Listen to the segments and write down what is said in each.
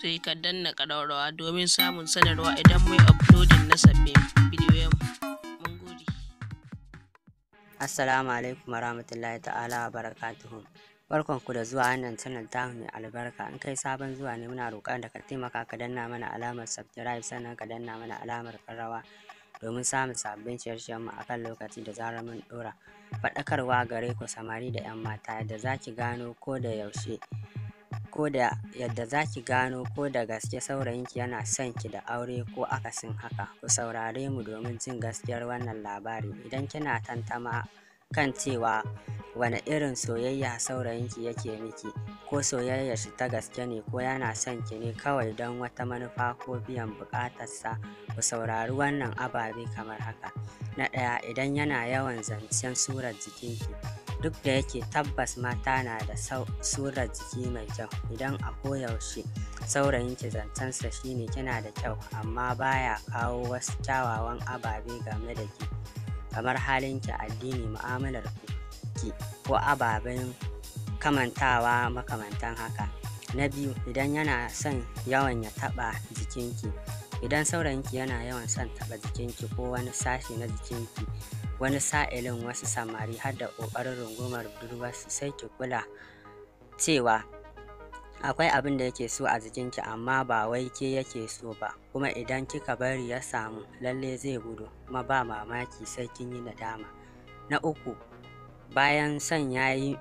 sai ka danna ƙararrawa domin samun sanarwa idan mai uploading na sabbin bidiyoyin mun gode assalamu alaikum warahmatullahi ta'ala wa barakatuhu barkon ku da zuwa wannan channel ta mai albarka in kai sabon zuwa ne muna roƙar da ka taimaka ka danna mana alamar subscribe sannan ka danna mana alamar ƙararrawa domin samun sabbin shirye mu akan lokaci da zarar mun dora faɗakarwa gare ku samari da 'yan mata da zaki gano ko da yaushe ko da yadda za ki gano ko da gaske saurayinki yana son ki da aure ko akasin haka ku saurare mu domin jin gaskiyar wannan labari idan kina tantama kan cewa wani irin soyayya saurayinki yake miki ko soyayyar shi ta gaske ne ko yana son ki ne kawai don wata manufa ko biyan buƙatarsa ku saurari wannan ababe kamar haka na ɗaya idan yana yawan zancen surar jikinki duk da yake tabbas mata na da surar jiki mai kyau idan a koyaushe saurayin ki zancensa shine kina da kyau amma baya kawo wasu kyawawan ababe game da ki kamar halin ki addini mu'amalar ki ko ababen kamantawa makamantan haka na biyu idan yana son yawan ya taba jikinki idan saurayinki yana yawan son taba jikinki ko wani sashi na jikinki wani sa'ilin wasu samari har da ƙoƙarin rungumar budurwarsu sai ki kula cewa akwai abin da yake so a jikin ki, amma ba wai ke yake so ba kuma idan kika bari ya samu lalle zai gudu kuma ba mamaki sai kin yi nadama na uku bayan son yayi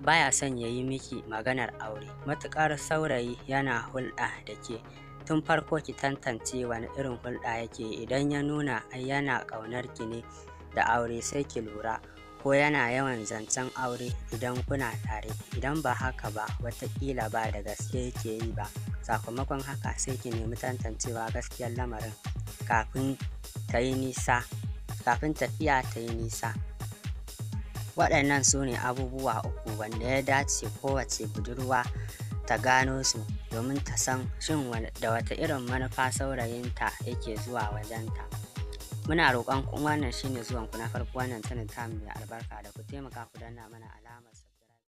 baya son ya yi miki maganar aure matuƙar saurayi yana hulɗa da ke tun farko ki tantance wani irin hulɗa yake idan ya nuna yana ƙaunar ki ne da aure sai ki lura ko yana yawan zancen aure idan kuna tare idan ba haka ba watakila ba da gaske yake yi ba sakamakon haka sai ki nemi tantancewa gaskiyar lamarin kafin ta yi nisa kafin tafiya ta yi nisa waɗannan su ne abubuwa uku wanda ya dace kowace budurwa ta gano su domin ta san shin da wata irin manufa saurayinta yake zuwa wajenta. muna roƙon wannan shine zuwan ku na farko wannan sanin tamu mai albarka da ku taimaka ku danna mana alamar